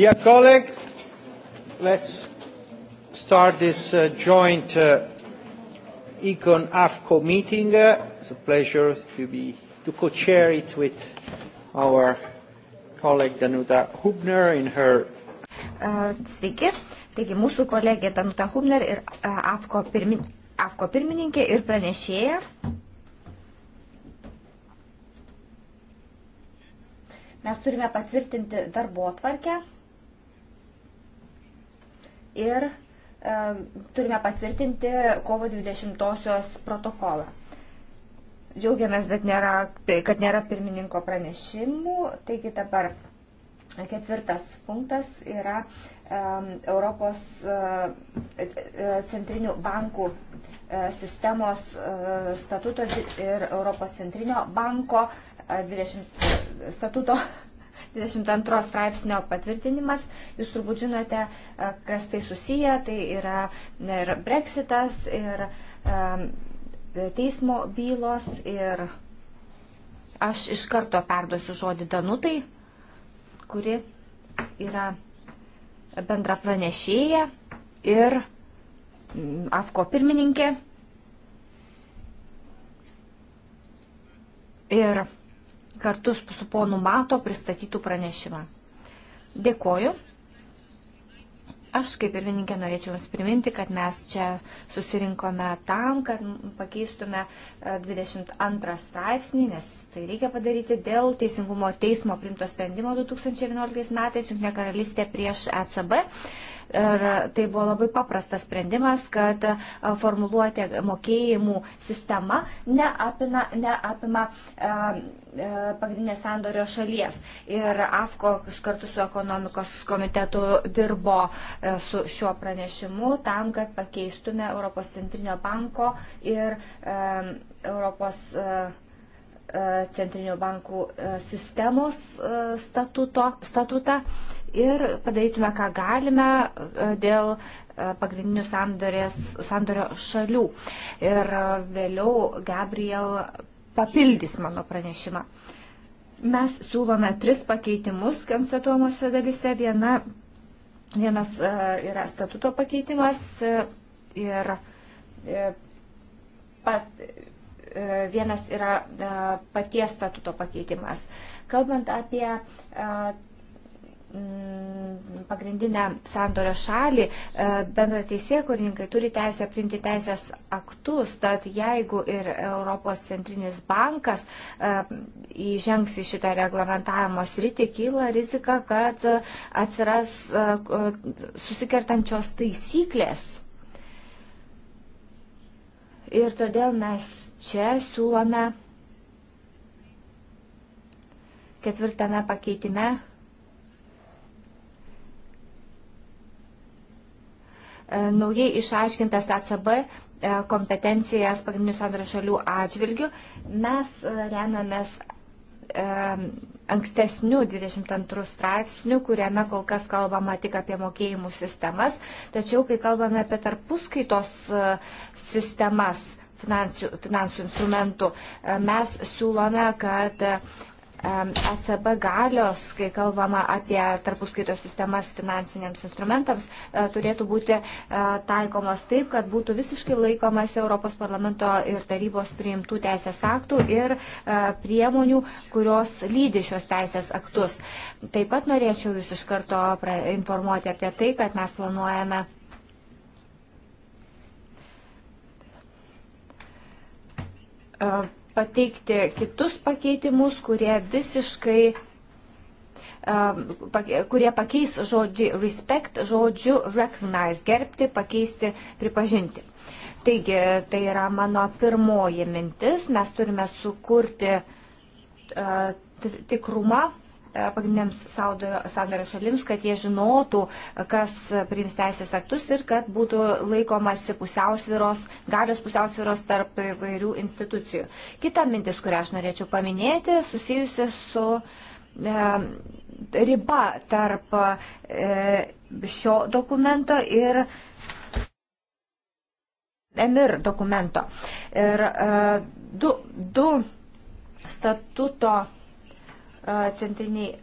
Dear colleagues, let's start this uh, joint uh, Econ AFCO meeting. Uh, it's a pleasure to be to co-chair it with our colleague Danuta Hubner in her. Uh, sveiki, taigi mūsų kolegė Danuta Hubner ir uh, AFCO, pirmin, AFCO pirmininkė ir pranešėja. Mes turime patvirtinti darbo atvarkę ir e, turime patvirtinti kovo 20-osios protokolą. Džiaugiamės, bet nėra, kad nėra pirmininko pranešimų. Taigi dabar ketvirtas punktas yra e, Europos e, e centrinių bankų e, sistemos e, statuto ir Europos centrinio banko 20, statuto 22 straipsnio patvirtinimas. Jūs turbūt žinote, e, kas tai susiję. Tai yra ir breksitas, ir teismo bylos. Ir aš iš karto perduosiu žodį Danutai, kuri yra bendra pranešėja ir AFKO pirmininkė. Ir kartu su ponu Mato pristatytų pranešimą. Dėkoju. Aš kaip pirmininkė norėčiau Jums priminti, kad mes čia susirinkome tam, kad pakeistume 22 e, straipsnį, nes tai reikia padaryti dėl Teisingumo teismo primto sprendimo 2011 metais Junktinė karalystė prieš ECB. Ir tai buvo labai paprastas sprendimas, kad e, formuluotė mokėjimų sistema neapina, neapima. neapima E, pagrindinės sandorio šalies. Ir AFKO kartu su ekonomikos komitetu dirbo e, su šiuo pranešimu tam, kad pakeistume Europos centrinio banko ir e, Europos centrinio bankų sistemos statuto, statutą ir padarytume, ką galime dėl pagrindinių sandorio šalių. Ir vėliau Gabriel papildys mano pranešimą. Mes siūlome tris pakeitimus konstatuomose dalise. Viena, vienas e, yra statuto pakeitimas e, ir e, pat, vienas yra paties statuto pakeitimas. Kalbant apie Mm, pagrindinę sandorio šalį, e, bendra teisėkurininkai turi teisę priimti teisės aktus, tad jeigu ir Europos centrinis bankas e, įžengs į šitą reglamentavimo sritį, kyla rizika, kad atsiras e, susikertančios taisyklės. Ir todėl mes čia siūlome ketvirtame pakeitime E, naujai išaiškintas ECB e, kompetencijas pagrindinių sandro šalių atžvilgių. Mes e, remiamės ankstesnių 22 straipsnių, kuriame kol kas kalbama tik apie mokėjimų sistemas, tačiau kai kalbame apie tarpuskaitos sistemas finansų, finansų instrumentų, mes siūlome, kad ECB e galios, kai kalbama apie tarpuskaitos sistemas finansiniams instrumentams, e, turėtų būti e, taikomos taip, kad būtų visiškai laikomas Europos parlamento ir tarybos priimtų teisės aktų ir priemonių, kurios lydi šios teisės aktus. Taip pat norėčiau Jūs iš karto informuoti apie tai, kad mes planuojame pateikti kitus pakeitimus, kurie visiškai um, kurie pakeis žodį respect žodžiu recognize, gerbti, pakeisti, pripažinti. Taigi, tai yra mano pirmoji mintis, mes turime sukurti uh, tikrumą E, pagrindiniams sandorio šalims, kad jie žinotų, kas priims teisės aktus ir kad būtų laikomasi pusiausviros, galios pusiausviros tarp įvairių institucijų. Kita mintis, kurią aš norėčiau paminėti, susijusi su e, riba tarp e, šio dokumento ir emir dokumento. Ir e, du, du statuto centriniai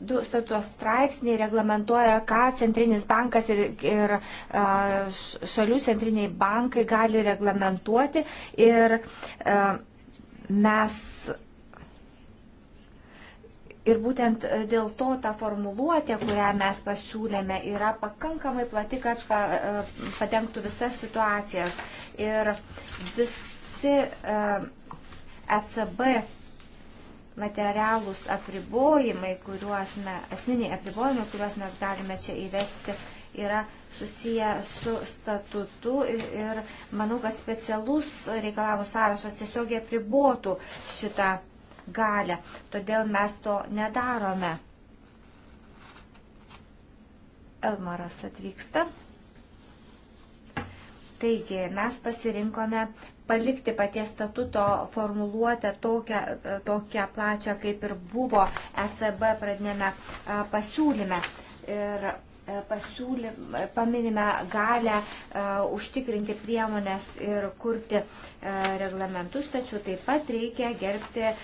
du statutos straipsniai reglamentuoja, ką centrinis bankas ir, ir šalių centriniai bankai gali reglamentuoti. Ir mes. Ir būtent dėl to ta formuluotė, kurią mes pasiūlėme, yra pakankamai plati, kad padengtų visas situacijas. Ir visi ECB materialūs apribojimai, kuriuos mes, asmeniai apribojimai, kuriuos mes galime čia įvesti, yra susiję su statutu ir, ir manau, kad specialus reikalavimų sąrašas tiesiog apribotų šitą galę. Todėl mes to nedarome. Elmaras atvyksta. Taigi mes pasirinkome palikti paties statuto formuluotę tokią, tokią plačią, kaip ir buvo ECB pradinėme pasiūlyme. Ir e, pasiūly, paminime galę uh, užtikrinti priemonės ir kurti uh, reglamentus, tačiau taip pat reikia gerbti uh,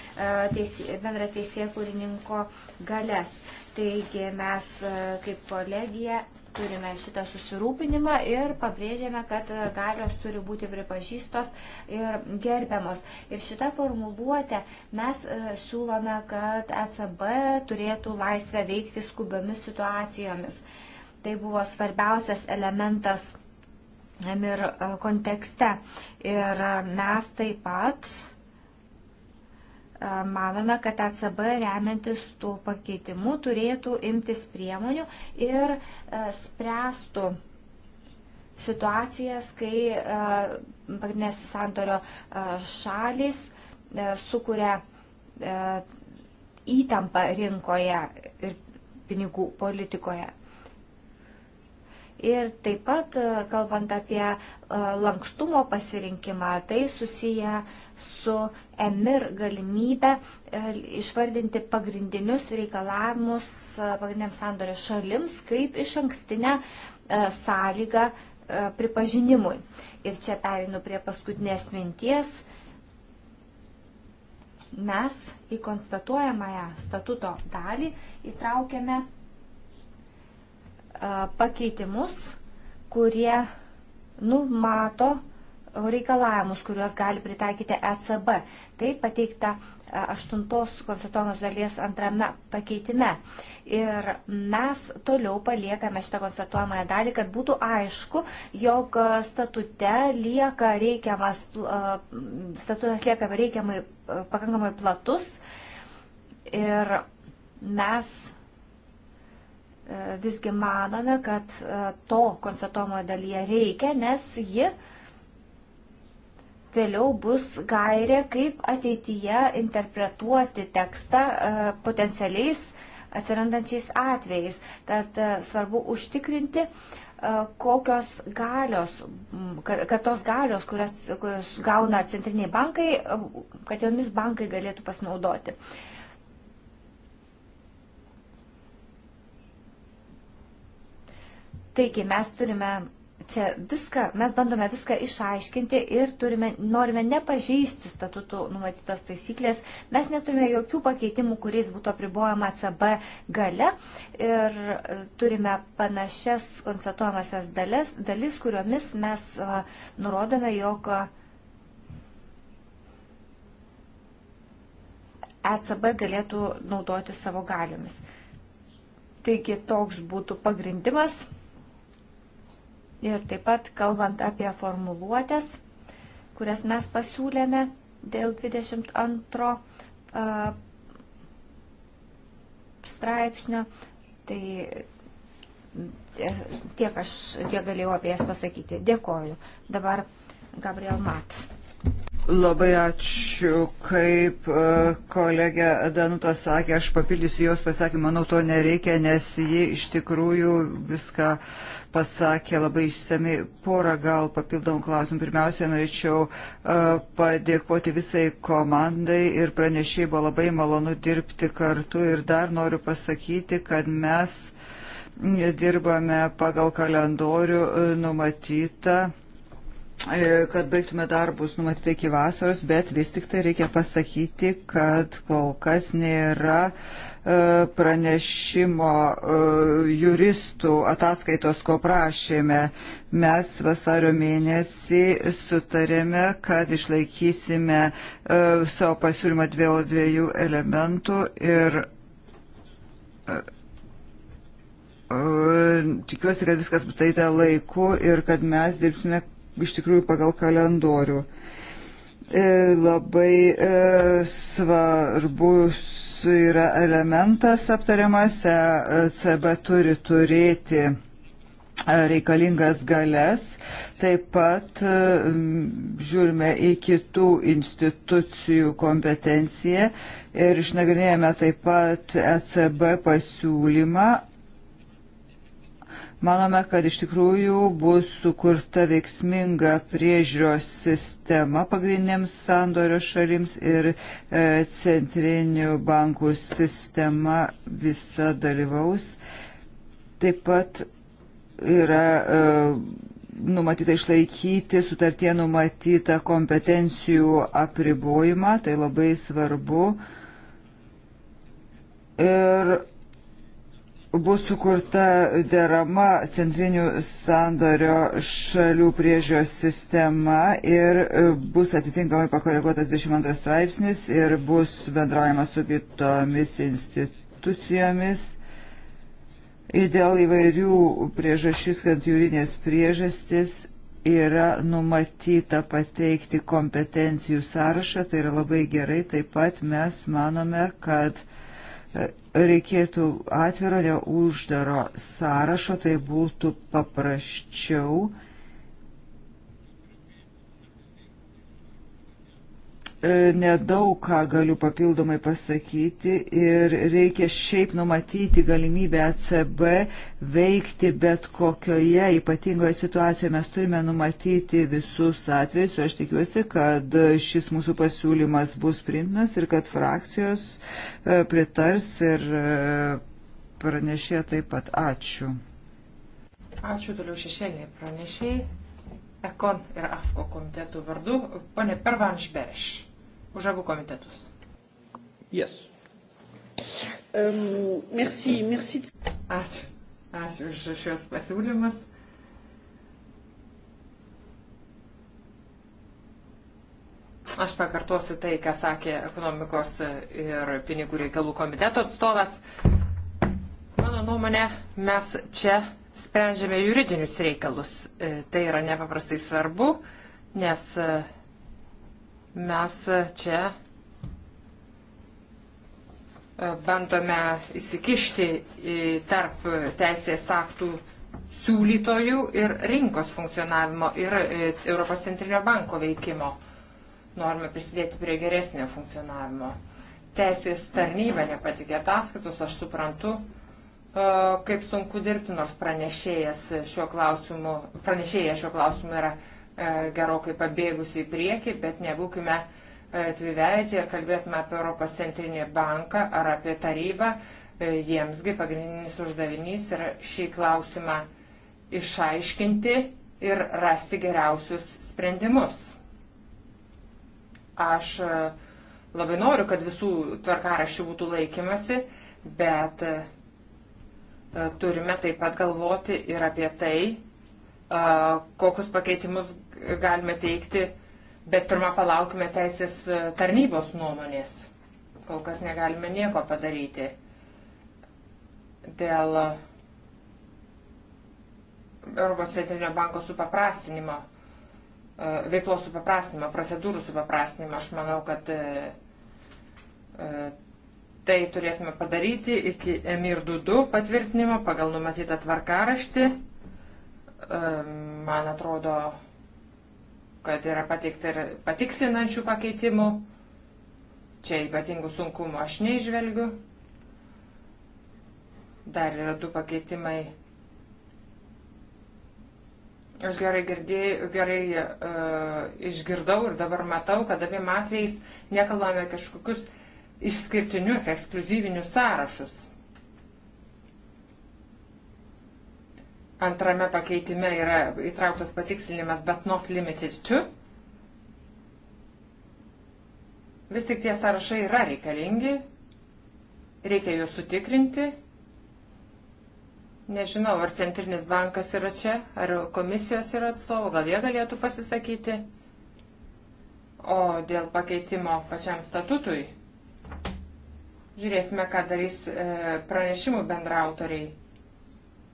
teisė, bendra teisė kūrininko galės. Taigi mes e, kaip kolegija turime šitą susirūpinimą ir pabrėžėme, kad e, galios turi būti pripažįstos ir gerbiamos. Ir šitą formuluotę mes e, siūlome, kad ECB turėtų laisvę veikti skubiomis situacijomis. Tai buvo svarbiausias elementas MIR kontekste. Ir mes taip pat manome, kad ECB remiantis tų pakeitimų turėtų imtis priemonių ir e, spręstų situacijas, kai e, pagrindinės santorio e, šalis sukuria įtampą rinkoje ir pinigų politikoje. Ir taip pat, kalbant apie lankstumo pasirinkimą, tai susiję su EMIR galimybę e, išvardinti pagrindinius reikalavimus e, pagrindiniams sandorio šalims kaip iš ankstinę e, sąlygą pripažinimui. Ir čia perinu prie paskutinės minties. Mes į konstatuojamąją statuto dalį įtraukėme pakeitimus, kurie numato reikalavimus, kuriuos gali pritaikyti ECB. Tai pateikta e, aštuntos konstitucijos dalies antrame pakeitime. Ir mes toliau paliekame šitą konstituojamąją dalį, kad būtų aišku, jog statute lieka reikiamas, e, statutas lieka reikiamai e, pakankamai platus. Ir mes visgi manome, kad to konstituojamojo dalyje reikia, nes ji uh, vėliau bus gairė, kaip ateityje interpretuoti tekstą e, potencialiais atsirandančiais atvejais. Tad e, svarbu užtikrinti, e, kokios galios, kad tos galios, kurias, kurias gauna centriniai bankai, kad jomis bankai galėtų pasinaudoti. Taigi mes turime čia viską, mes bandome viską išaiškinti ir turime, norime nepažeisti statutų numatytos taisyklės. Mes neturime jokių pakeitimų, kuriais būtų apribojama ACB gale ir e, turime panašias konstatuojamasias dalis, dalis kuriomis mes a, e, nurodome, jog ECB galėtų naudoti savo galiomis. Taigi toks būtų pagrindimas Ir taip pat kalbant apie formuluotės, kurias mes pasiūlėme dėl 22 straipsnio, tai e, tiek aš tiek galėjau apie jas pasakyti. Dėkoju. Dabar Gabriel Mat. Labai ačiū, kaip e, kolegė Danuta sakė, aš papildysiu jos pasakymą, manau, to nereikia, nes ji iš tikrųjų viską uh, pasakė labai išsami porą gal papildomų klausimų. Pirmiausia, norėčiau e, padėkoti visai komandai ir pranešiai buvo labai malonu dirbti kartu ir dar noriu pasakyti, kad mes dirbame pagal kalendorių e, numatytą E, kad baigtume darbus numatyti iki vasaros, bet vis tik tai reikia pasakyti, kad kol kas nėra e, pranešimo e, juristų ataskaitos, ko prašėme. Mes vasario mėnesį sutarėme, kad išlaikysime savo pasiūlymą dėl dviejų elementų ir tikiuosi, kad viskas bus tai laiku ir kad mes dirbsime iš tikrųjų pagal kalendorių. E, labai e, svarbus yra elementas aptariamas, e, CB turi turėti reikalingas galės. Taip pat žiūrime į kitų institucijų kompetenciją ir išnagrinėjame taip pat ECB pasiūlymą Manome, kad iš tikrųjų bus sukurta veiksminga priežiūros sistema pagrindiniams sandorio šalims ir e, centrinių bankų sistema visa dalyvaus. Taip pat yra e, numatyta išlaikyti sutartie numatytą kompetencijų apribojimą, tai labai svarbu. Ir bus sukurta derama centrinių sandorio šalių priežios sistema ir e, bus atitinkamai pakoreguotas 22 straipsnis ir bus bendraujama su kitomis institucijomis. Ir dėl įvairių priežasčių, kad jūrinės priežastis yra numatyta pateikti kompetencijų sąrašą, tai yra labai gerai. Taip pat mes manome, kad e, reikėtų atviro, ne uždaro sąrašo, tai būtų paprasčiau E, nedaug ką galiu papildomai pasakyti ir reikia šiaip numatyti galimybę ECB veikti bet kokioje ypatingoje situacijoje. Mes turime numatyti visus atvejus ir aš tikiuosi, kad šis mūsų pasiūlymas bus priimtinas ir kad frakcijos e, pritars ir e, pranešė taip pat. Ačiū. Ačiū toliau šešėlė pranešiai. Ekon ir AFKO komitetų vardu, ponė Pervanš Bereš už abu komitetus. Yes. Um, merci, merci. Ačiū. Ačiū už šios pasiūlymus. Aš pakartosiu tai, ką sakė ekonomikos ir pinigų reikalų komiteto atstovas. Mano nuomonė, mes čia sprendžiame juridinius reikalus. E, tai yra nepaprastai svarbu, nes e, Mes čia e, bandome įsikišti tarp teisės aktų siūlytojų ir rinkos funkcionavimo ir e, Europos centrinio banko veikimo. Norime prisidėti prie geresnio funkcionavimo. Teisės tarnyba nepatikė ataskaitos, aš suprantu, e, kaip sunku dirbti, nors pranešėjas šiuo klausimu, pranešėjas šiuo klausimu yra E, gerokai pabėgusi į priekį, bet nebūkime e, dviveidžiai ir kalbėtume apie Europos centrinį banką ar apie tarybą. E, Jiemsgi pagrindinis uždavinys yra šį klausimą išaiškinti ir rasti geriausius sprendimus. Aš labai noriu, kad visų tvarkaraščių būtų laikymasi, bet turime taip pat galvoti ir apie tai, kokius pakeitimus galime teikti, bet pirmą palaukime teisės e, tarnybos nuomonės. Kol kas negalime nieko padaryti dėl e, Europos centrinio banko supaprastinimo, e, veiklos supaprastinimo, procedūrų supaprastinimo. Aš manau, kad tai turėtume padaryti iki EMIR 2.2 patvirtinimo pagal numatytą tvarkaraštį. Man atrodo, kad yra pateikta ir patikslinančių pakeitimų. Čia ypatingų sunkumų aš neižvelgiu. Dar yra du pakeitimai. Aš gerai, girdėjau, gerai uh, išgirdau ir dabar matau, kad abiem atvejais nekalbame kažkokius išskirtinius, ekskluzyvinius sąrašus. Antrame pakeitime yra įtrauktas patikslinimas, but not limited to. Vis tik tie sąrašai yra reikalingi, reikia juos sutikrinti. Nežinau, ar centrinis bankas yra čia, ar komisijos yra atstovų, gal jie galėtų pasisakyti. O dėl pakeitimo pačiam statutui, žiūrėsime, ką darys e, pranešimų bendrautoriai.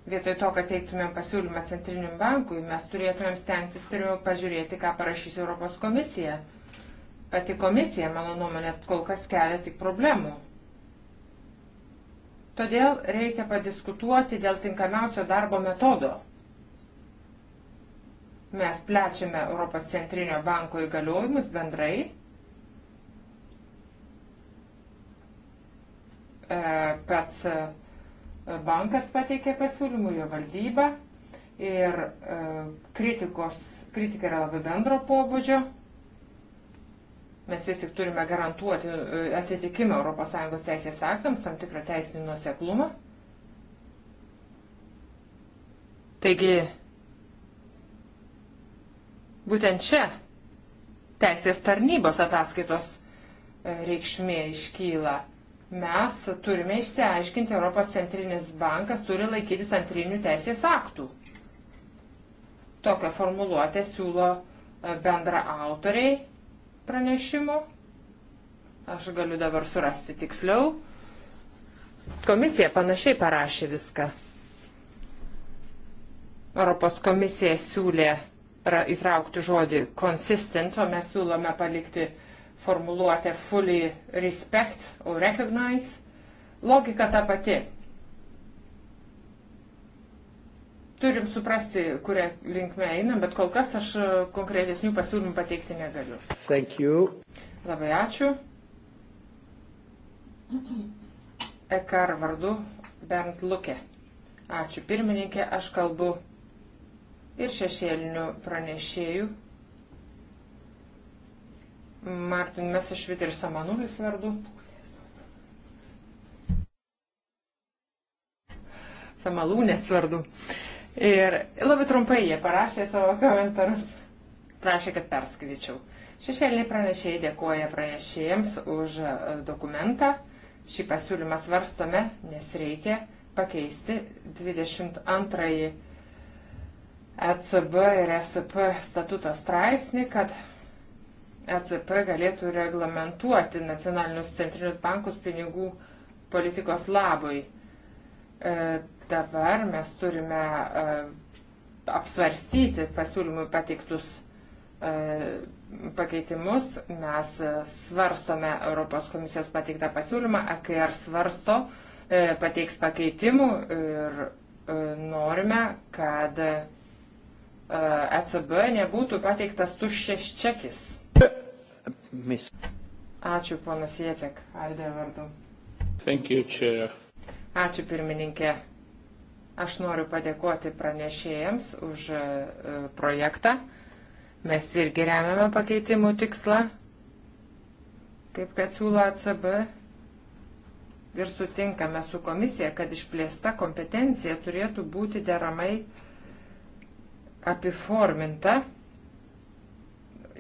Vietoj to, kad teiktumėm pasiūlymą Centriniam bankui, mes turėtumėm stengtis pirmiau pažiūrėti, ką parašys Europos komisija. Pati komisija, mano nuomonė, kol kas kelia tik problemų. Todėl reikia padiskutuoti dėl tinkamiausio darbo metodo. Mes plečiame Europos centrinio banko įgaliojimus bendrai. E, pats Bankas pateikė pasiūlymų, jo valdyba ir e, kritikos, kritika yra labai bendro pobūdžio. Mes vis tik turime garantuoti e, atitikimą ES teisės aktams, tam tikrą teisinį nuoseklumą. Taigi, būtent čia teisės tarnybos ataskaitos e, reikšmė iškyla mes turime išsiaiškinti, Europos centrinis bankas turi laikytis antrinių teisės aktų. Tokią formuluotę siūlo e, bendra autoriai pranešimo. Aš galiu dabar surasti tiksliau. Komisija panašiai parašė viską. Europos komisija siūlė įtraukti žodį consistent, o mes siūlome palikti uh, formuluotę fully respect or recognize. Logika ta pati. Turim suprasti, kurią linkme einam, bet kol kas aš e, konkretesnių pasiūlymų pateikti negaliu. Thank you. Labai ačiū. Ekar vardu Bernd Luke. Ačiū pirmininkė, aš kalbu ir šešėlinių pranešėjų Martin Mesešvit ir Samanulis vardu. Samalūnės vardu. Ir labai trumpai jie parašė savo komentarus. Prašė, kad perskaičiau. Šešėliniai pranešėjai dėkoja pranešėjams už e, dokumentą. Šį pasiūlymą svarstome, nes reikia pakeisti 22 ECB ir SP statuto straipsnį, kad ECP galėtų reglamentuoti nacionalinius centrinius bankus pinigų politikos labui. E, dabar mes turime e, apsvarstyti pasiūlymui pateiktus e, pakeitimus. Mes svarstome Europos komisijos pateiktą pasiūlymą, AKR e svarsto, e, pateiks pakeitimų ir e, norime, kad e, ECB nebūtų pateiktas tuščias čekis Miss. Ačiū, ponas Jėcek, Aldė vardu. Thank you, chair. Ačiū, pirmininkė. Aš noriu padėkoti pranešėjams už e, projektą. Mes irgi remiame pakeitimų tikslą, kaip kad siūlo ACB. Ir sutinkame su komisija, kad išplėsta kompetencija turėtų būti deramai apiforminta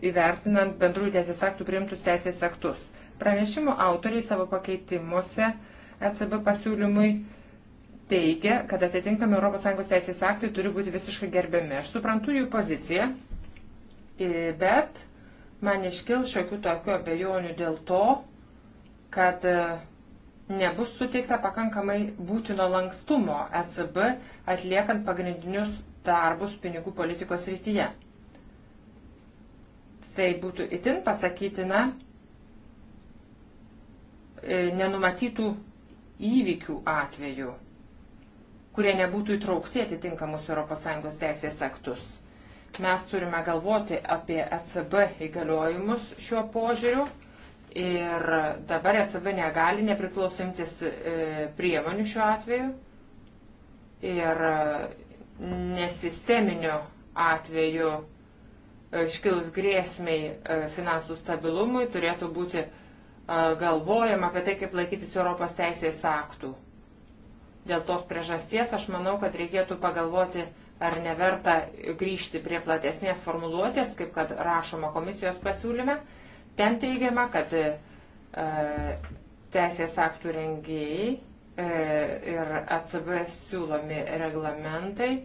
įvertinant bendrųjų teisės aktų priimtus teisės aktus. Pranešimo autoriai savo pakeitimuose ECB pasiūlymui teigia, kad atitinkami ES teisės aktai turi būti visiškai gerbiami. Aš suprantu jų poziciją, bet man iškils šiokių tokių abejonių dėl to, kad e, nebus suteikta pakankamai būtino lankstumo ECB atliekant pagrindinius darbus pinigų politikos rytyje. Tai būtų itin pasakytina e, nenumatytų įvykių atveju, kurie nebūtų įtraukti atitinkamus ES teisės aktus. Mes turime galvoti apie ECB įgaliojimus šiuo požiūriu ir dabar ECB negali nepriklausomtis e, priemonių šiuo atveju ir e, nesisteminio atveju E, iškilus grėsmiai e, finansų stabilumui turėtų būti e, galvojama apie tai, kaip laikytis Europos teisės aktų. Dėl tos priežasties aš manau, kad reikėtų pagalvoti, ar neverta grįžti prie platesnės formuluotės, kaip kad rašoma komisijos pasiūlyme. Ten teigiama, kad e, teisės aktų rengėjai e, ir ACB siūlomi reglamentai e,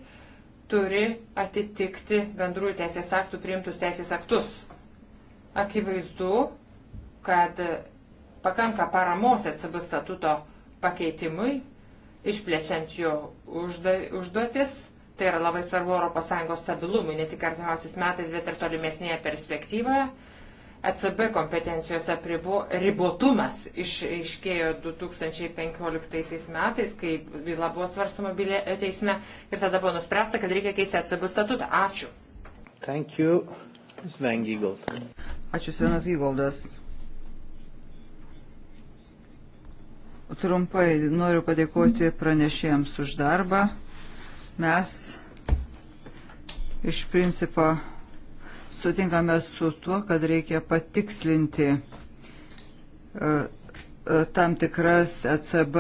turi atitikti bendrųjų teisės aktų priimtus teisės aktus. Akivaizdu, kad pakanka paramos ECB statuto pakeitimui, išplečiant jo užda, užduotis. Tai yra labai svarbu ES stabilumui, ne tik artimiausiais metais, bet ir tolimesnėje perspektyvoje. ECB kompetencijos apribo, ribotumas išaiškėjo 2015 metais, kai byla buvo svarstoma bylė e, teisme ir tada buvo nuspręsta, kad reikia keisti ECB statutą. Ačiū. Thank you, Sven Giegold. Ačiū, Svenas Gygoldas. Trumpai noriu padėkoti pranešėjams už darbą. Mes iš principo sutinkame su tuo, kad reikia patikslinti e, e, tam tikras ECB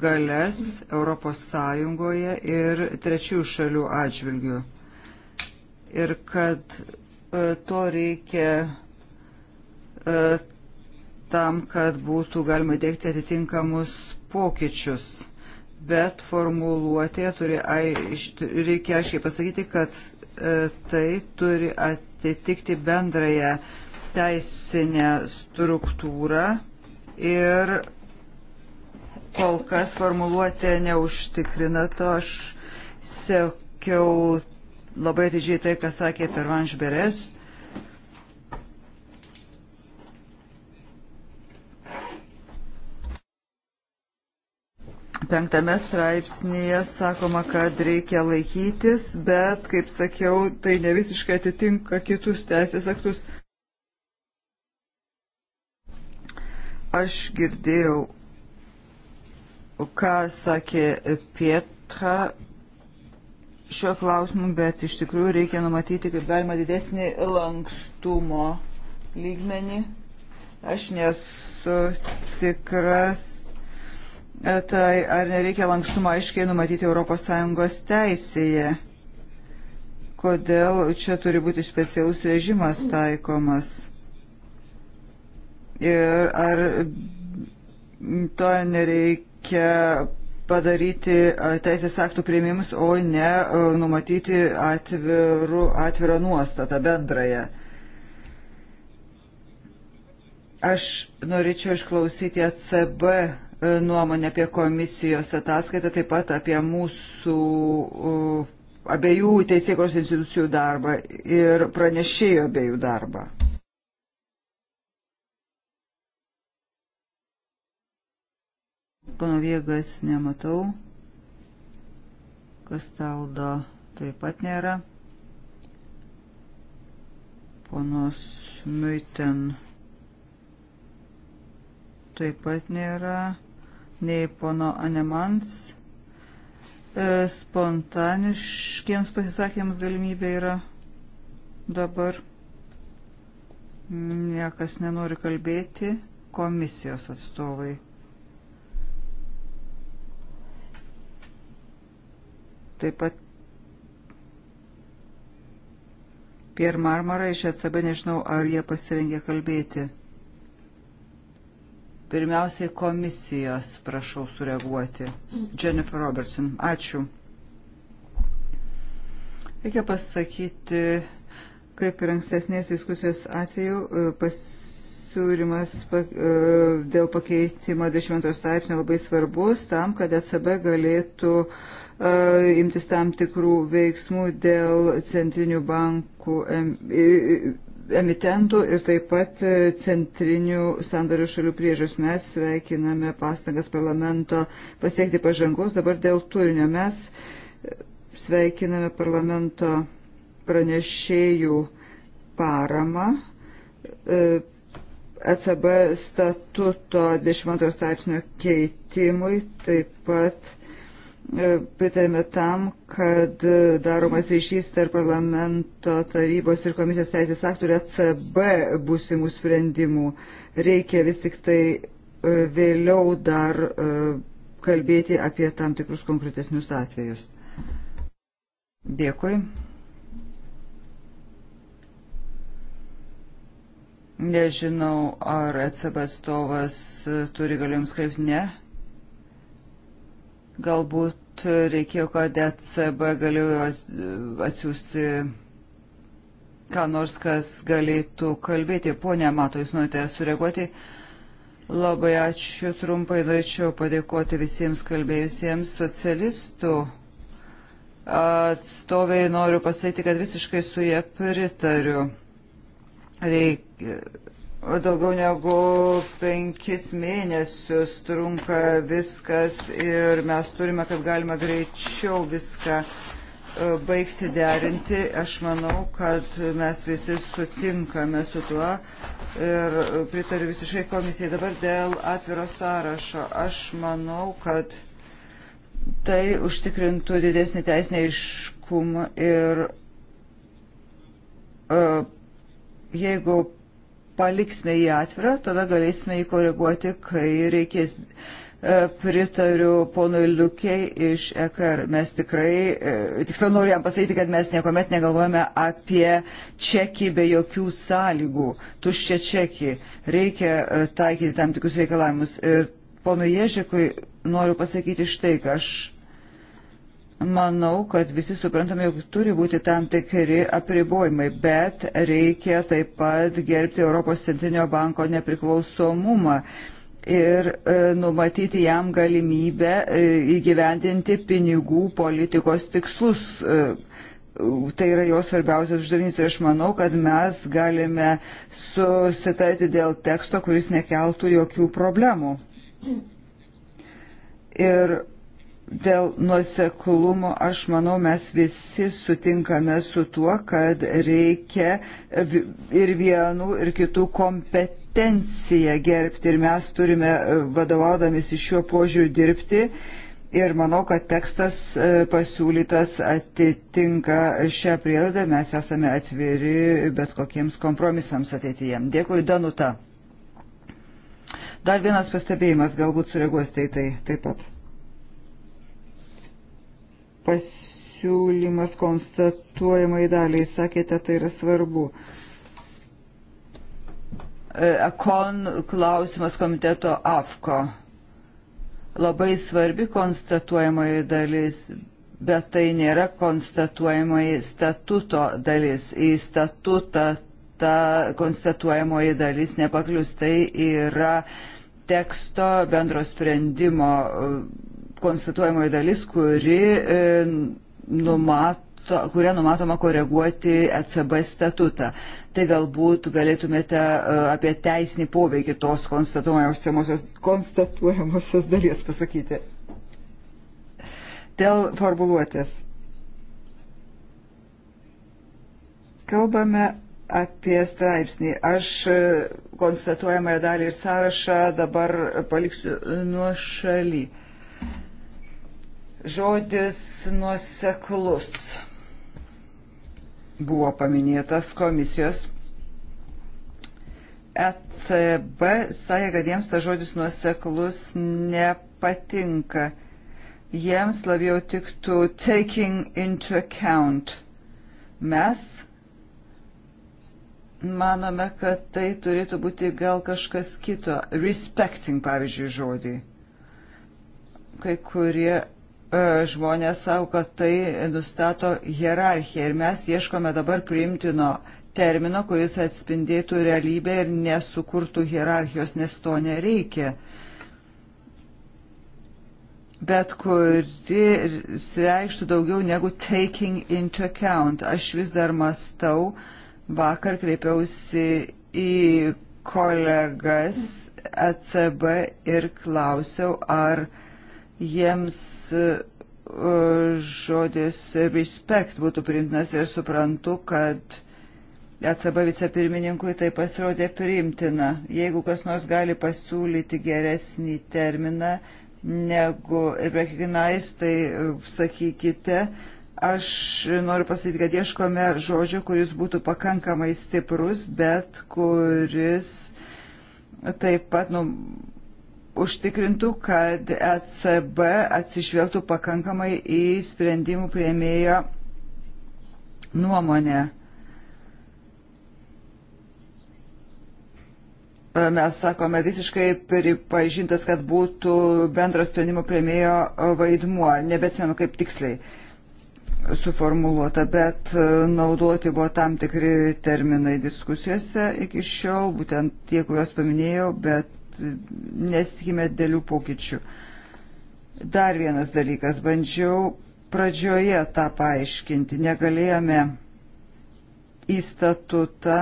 galės Europos Sąjungoje ir trečių šalių atžvilgių. Ir kad e, to reikia tam, kad būtų galima dėkti atitinkamus pokyčius. Bet formuluotėje reikia aiškiai pasakyti, kad tai turi at, atitikti bendrąją teisinę struktūrą ir kol kas formuluotė neužtikrina to. Aš sekiau labai atidžiai tai, ką sakė Pervanš Beres Penktame straipsnėje sakoma, kad reikia laikytis, bet, kaip sakiau, tai ne visiškai atitinka kitus teisės aktus. Aš girdėjau, ką sakė Pietra šio klausimu, bet iš tikrųjų reikia numatyti, kaip galima didesnį lankstumo lygmenį. Aš nesu tikras tai ar nereikia lankstumą aiškiai numatyti ES teisėje? Kodėl čia turi būti specialus režimas taikomas? Ir ar to nereikia padaryti teisės aktų prieimimus, o ne numatyti atviru, atvirą nuostatą bendrąją? Aš norėčiau išklausyti ACB nuomonę apie komisijos ataskaitą, taip pat apie mūsų abiejų teisėkos institucijų darbą ir pranešėjo abiejų darbą. Pono Viegas nematau. Kastaldo taip pat nėra. Ponos Myten taip pat nėra nei pono Anemans. E, spontaniškiems pasisakymams galimybė yra dabar. Niekas nenori kalbėti. Komisijos atstovai. Taip pat Pierre Marmara iš ECB, nežinau, ar jie pasirengė kalbėti. Pirmiausiai komisijos prašau sureaguoti. Jennifer Robertson, ačiū. Reikia pasakyti, kaip ir ankstesnės diskusijos atveju, e, pasiūlymas e, dėl pakeitimo 20 straipsnio labai svarbus tam, kad ECB galėtų e, imtis tam tikrų veiksmų dėl centrinių bankų emitentų ir taip pat e, centrinių sandarių šalių priežos. Mes sveikiname pastangas parlamento pasiekti pažangos. Dabar dėl turinio mes e, sveikiname parlamento pranešėjų paramą. E, ECB statuto 10 straipsnio keitimui taip pat E, pritarėme tam, kad e, daromas ryšys tarp parlamento tarybos ir komisijos teisės aktų ir ECB būsimų sprendimų. Reikia vis tik tai e, vėliau dar kalbėti apie tam tikrus konkretesnius atvejus. Dėkui. Nežinau, ar ECB atstovas turi galėjams kaip ne. Galbūt reikėjo, kad ECB galėjo atsiųsti ką nors, kas galėtų kalbėti. Pone Mato, jūs norite sureaguoti? Labai ačiū trumpai, norėčiau padėkoti visiems kalbėjusiems socialistų atstoviai noriu pasakyti, kad visiškai su jie pritariu. Reikia, Daugiau negu penkis mėnesius trunka viskas ir mes turime, kad galima greičiau viską e, baigti derinti. Aš manau, kad mes visi sutinkame su tuo ir pritariu visiškai komisijai. Dabar dėl atviro sąrašo. Aš manau, kad tai užtikrintų didesnį teisinį iškumą ir e, jeigu paliksime jį atvirą, tada galėsime jį koreguoti, kai reikės. E, pritariu ponui Liukiai iš EKR. Mes tikrai, e, tiksliau noriu jam pasakyti, kad mes niekuomet negalvojame apie čekį be jokių sąlygų, tuščią čekį. Reikia e, taikyti tam tikrus reikalavimus. Ir ponui Ježikui noriu pasakyti štai, kad aš Manau, kad visi suprantame, jog turi būti tam tikri apribojimai, bet reikia taip pat gerbti Europos centrinio banko nepriklausomumą ir e, numatyti jam galimybę e, įgyvendinti pinigų politikos tikslus. E, Tai yra jos svarbiausias uždavinys ir aš manau, kad mes galime susitarti dėl teksto, kuris nekeltų jokių problemų. Ir Dėl nuoseklumo aš manau mes visi sutinkame su tuo, kad reikia ir vienų, ir kitų kompetenciją gerbti ir mes turime e, vadovaudamis iš šiuo požiūriu dirbti. Ir manau, kad tekstas e, pasiūlytas atitinka šią prielaidą. Mes esame atviri bet kokiems kompromisams ateityje. Dėkui, Danuta. Dar vienas pastebėjimas, galbūt sureaguosite į tai taip pat pasiūlymas konstatuojamai daliai, sakėte, tai yra svarbu. E, Ekon klausimas komiteto AFKO. Labai svarbi konstatuojamoji dalis, bet tai nėra konstatuojamoji statuto dalis. Į statutą ta konstatuojamoji dalis nepaklius. Tai yra teksto bendro sprendimo konstatuojamoji dalis, kuri e, numato kurią numatoma koreguoti ECB statutą. Tai galbūt galėtumėte e, apie teisinį poveikį tos konstatuojamosios, konstatuojamosios dalies pasakyti. Dėl formuluotės. Kalbame apie straipsnį. Aš e, konstatuojamąją dalį ir sąrašą dabar paliksiu nuo šaly. Žodis nuoseklus buvo paminėtas komisijos. ECB sakė, kad jiems ta žodis nuoseklus nepatinka. Jiems labiau tiktų taking into account. Mes manome, kad tai turėtų būti gal kažkas kito. Respecting, pavyzdžiui, žodį. Kai kurie E, žmonės savo, kad tai nustato hierarchiją ir mes ieškome dabar priimtino termino, kuris atspindėtų realybę ir nesukurtų hierarchijos, nes to nereikia. Bet kuris reikštų daugiau negu taking into account. Aš vis dar mastau, vakar kreipiausi į kolegas ECB ir klausiau, ar uh, jiems e, e, žodis respect būtų priimtinas ir suprantu, kad ECB vicepirmininkui tai pasirodė priimtina. Jeigu kas nors gali pasiūlyti geresnį terminą negu recognize, tai e, sakykite. Aš noriu pasakyti, kad ieškome žodžio, kuris būtų pakankamai stiprus, bet kuris taip pat nu, užtikrintų, kad ECB atsižvelgtų pakankamai į sprendimų prieimėjo nuomonę. E, mes sakome, visiškai pripažintas, kad būtų bendro sprendimo prieimėjo vaidmuo. Nebetsimenu, kaip tiksliai suformuluota, bet e, naudoti buvo tam tikri terminai diskusijose iki šiol, būtent tie, kuriuos paminėjau, bet nesitikime dėlių pokyčių. Dar vienas dalykas, bandžiau pradžioje tą paaiškinti, negalėjome į statutą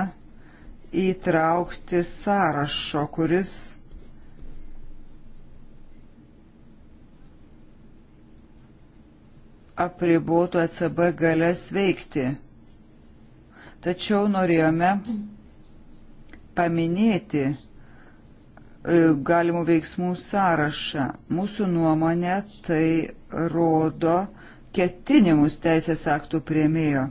įtraukti sąrašo, kuris apribotų ECB galės veikti. Tačiau norėjome paminėti E, galimų veiksmų sąrašą. Mūsų nuomonė tai rodo ketinimus teisės aktų prieimėjo.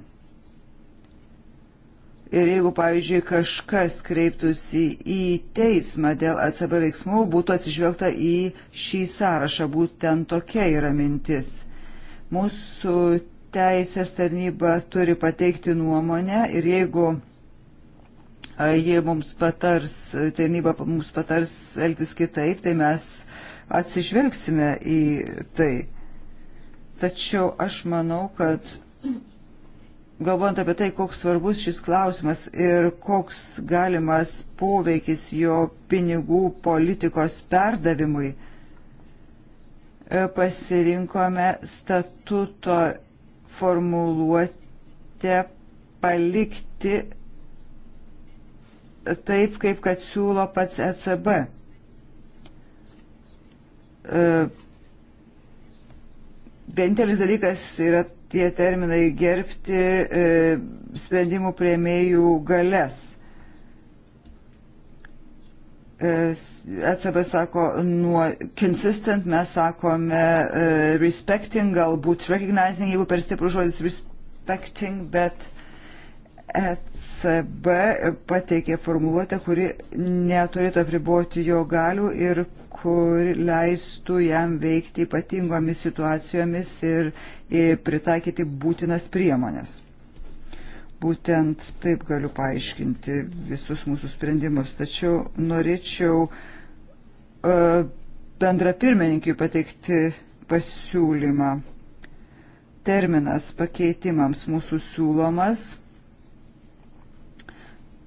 Ir jeigu, pavyzdžiui, kažkas kreiptųsi į teismą dėl ACB veiksmų, būtų atsižvelgta į šį sąrašą. Būtent tokia yra mintis. Mūsų teisės tarnyba turi pateikti nuomonę ir jeigu jie mums patars, tarnyba mums patars elgtis kitaip, tai mes atsižvelgsime į tai. Tačiau aš manau, kad galvojant apie tai, koks svarbus šis klausimas ir koks galimas poveikis jo pinigų politikos perdavimui, e, pasirinkome statuto formuluotę palikti taip, kaip kad siūlo pats ECB. E, vienintelis dalykas yra tie terminai gerbti e, sprendimų prieimėjų galės. ECB e sako nuo consistent, mes sakome respecting, galbūt recognizing, jeigu per stiprų žodis respecting, bet ECB pateikė formuluotę, kuri neturėtų apriboti jo galių ir kur leistų jam veikti ypatingomis situacijomis ir pritaikyti būtinas priemonės. Būtent taip galiu paaiškinti visus mūsų sprendimus. Tačiau norėčiau e, bendra pirmininkiui pateikti pasiūlymą. Terminas pakeitimams mūsų siūlomas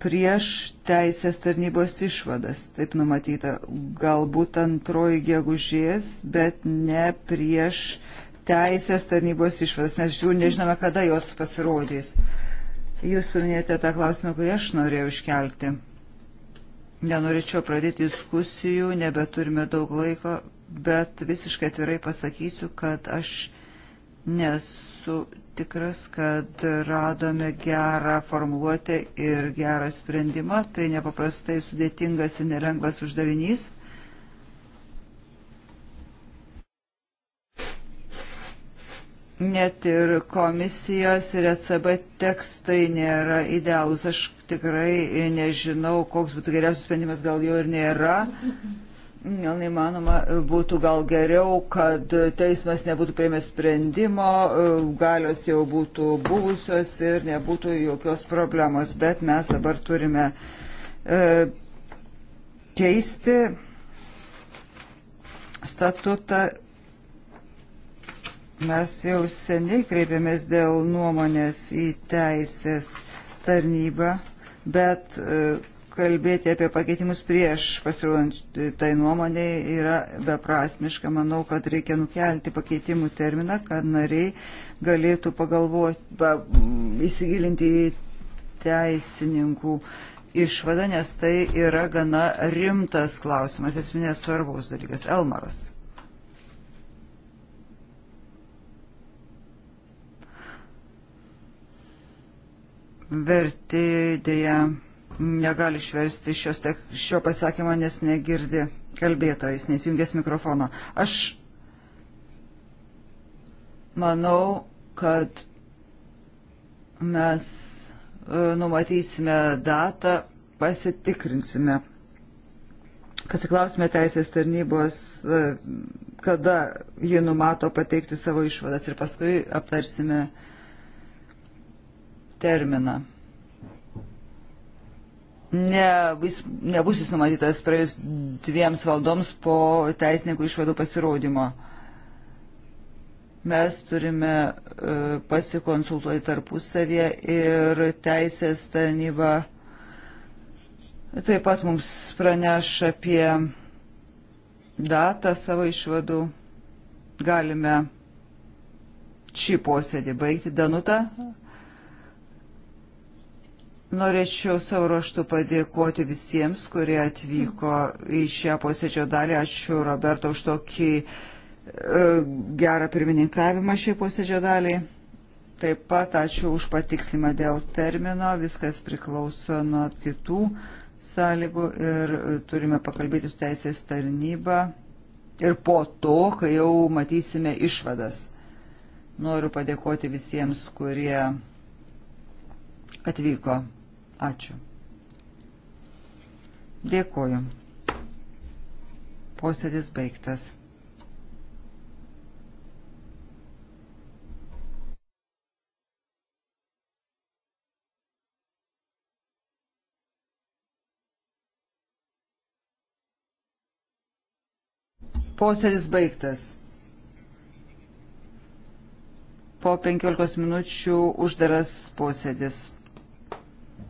prieš teisės tarnybos išvadas, taip numatyta, galbūt antroji gegužės, bet ne prieš teisės tarnybos išvadas, nes jų nežinome, kada jos pasirodys. Jūs paminėjote tą klausimą, kurį aš norėjau iškelti. Nenorėčiau pradėti diskusijų, nebeturime daug laiko, bet visiškai atvirai pasakysiu, kad aš nesu tikras, kad radome gerą formuluotę ir gerą sprendimą. Tai nepaprastai sudėtingas ir nelengvas uždavinys. Net ir komisijos ir ECB tekstai nėra idealūs. Aš tikrai nežinau, koks būtų geriausias sprendimas, gal jo ir nėra. Gal neįmanoma, e, būtų gal geriau, kad teismas nebūtų prieimęs sprendimo, e, galios jau būtų buvusios ir nebūtų jokios problemos, bet mes dabar turime e, keisti statutą. Mes jau seniai kreipėmės dėl nuomonės į teisės tarnybą, bet e, kalbėti apie pakeitimus prieš pasirodant tai nuomonėje yra beprasmiška. Manau, kad reikia nukelti pakeitimų terminą, kad nariai galėtų pagalvoti, ba, įsigilinti į teisininkų išvadą, nes tai yra gana rimtas klausimas, esminės svarbus dalykas. Elmaras. Vertė dėja negali išversti šios, šio pasakymo, nes negirdi kalbėtojas, nes jungės mikrofono. Aš manau, kad mes e, numatysime datą, pasitikrinsime, pasiklausime teisės tarnybos, e, kada ji numato pateikti savo išvadas ir paskui aptarsime terminą ne, jis, nebus jis numatytas praėjus dviems valdoms po teisininkų išvadų pasirodymo. Mes turime uh, pasikonsultuoti tarpusavėje ir teisės tarnyba taip pat mums praneš apie datą savo išvadų. Galime šį posėdį baigti. Danuta, Norėčiau savo raštu padėkoti visiems, kurie atvyko į šią posėdžio dalį. Ačiū Roberto už tokį e, gerą pirmininkavimą šiai posėdžio daliai. Taip pat ačiū už patikslimą dėl termino. Viskas priklauso nuo kitų sąlygų ir turime pakalbėti su teisės tarnyba. Ir po to, kai jau matysime išvadas. Noriu padėkoti visiems, kurie atvyko. Ačiū. Dėkoju. Posėdis baigtas. Posėdis baigtas. Po 15 minučių uždaras posėdis.